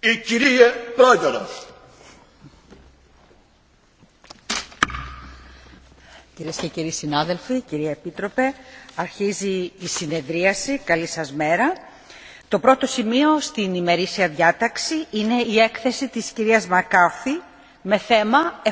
Η κυρία Πρόεδρο. Κυρίε και κύριοι συνάδελφοι, κυρία Επίτροπε, αρχίζει η συνεδρίαση. Καλή σα μέρα. Το πρώτο σημείο στην ημερήσια διάταξη είναι η έκθεση της κυρίας Μακάφη με θέμα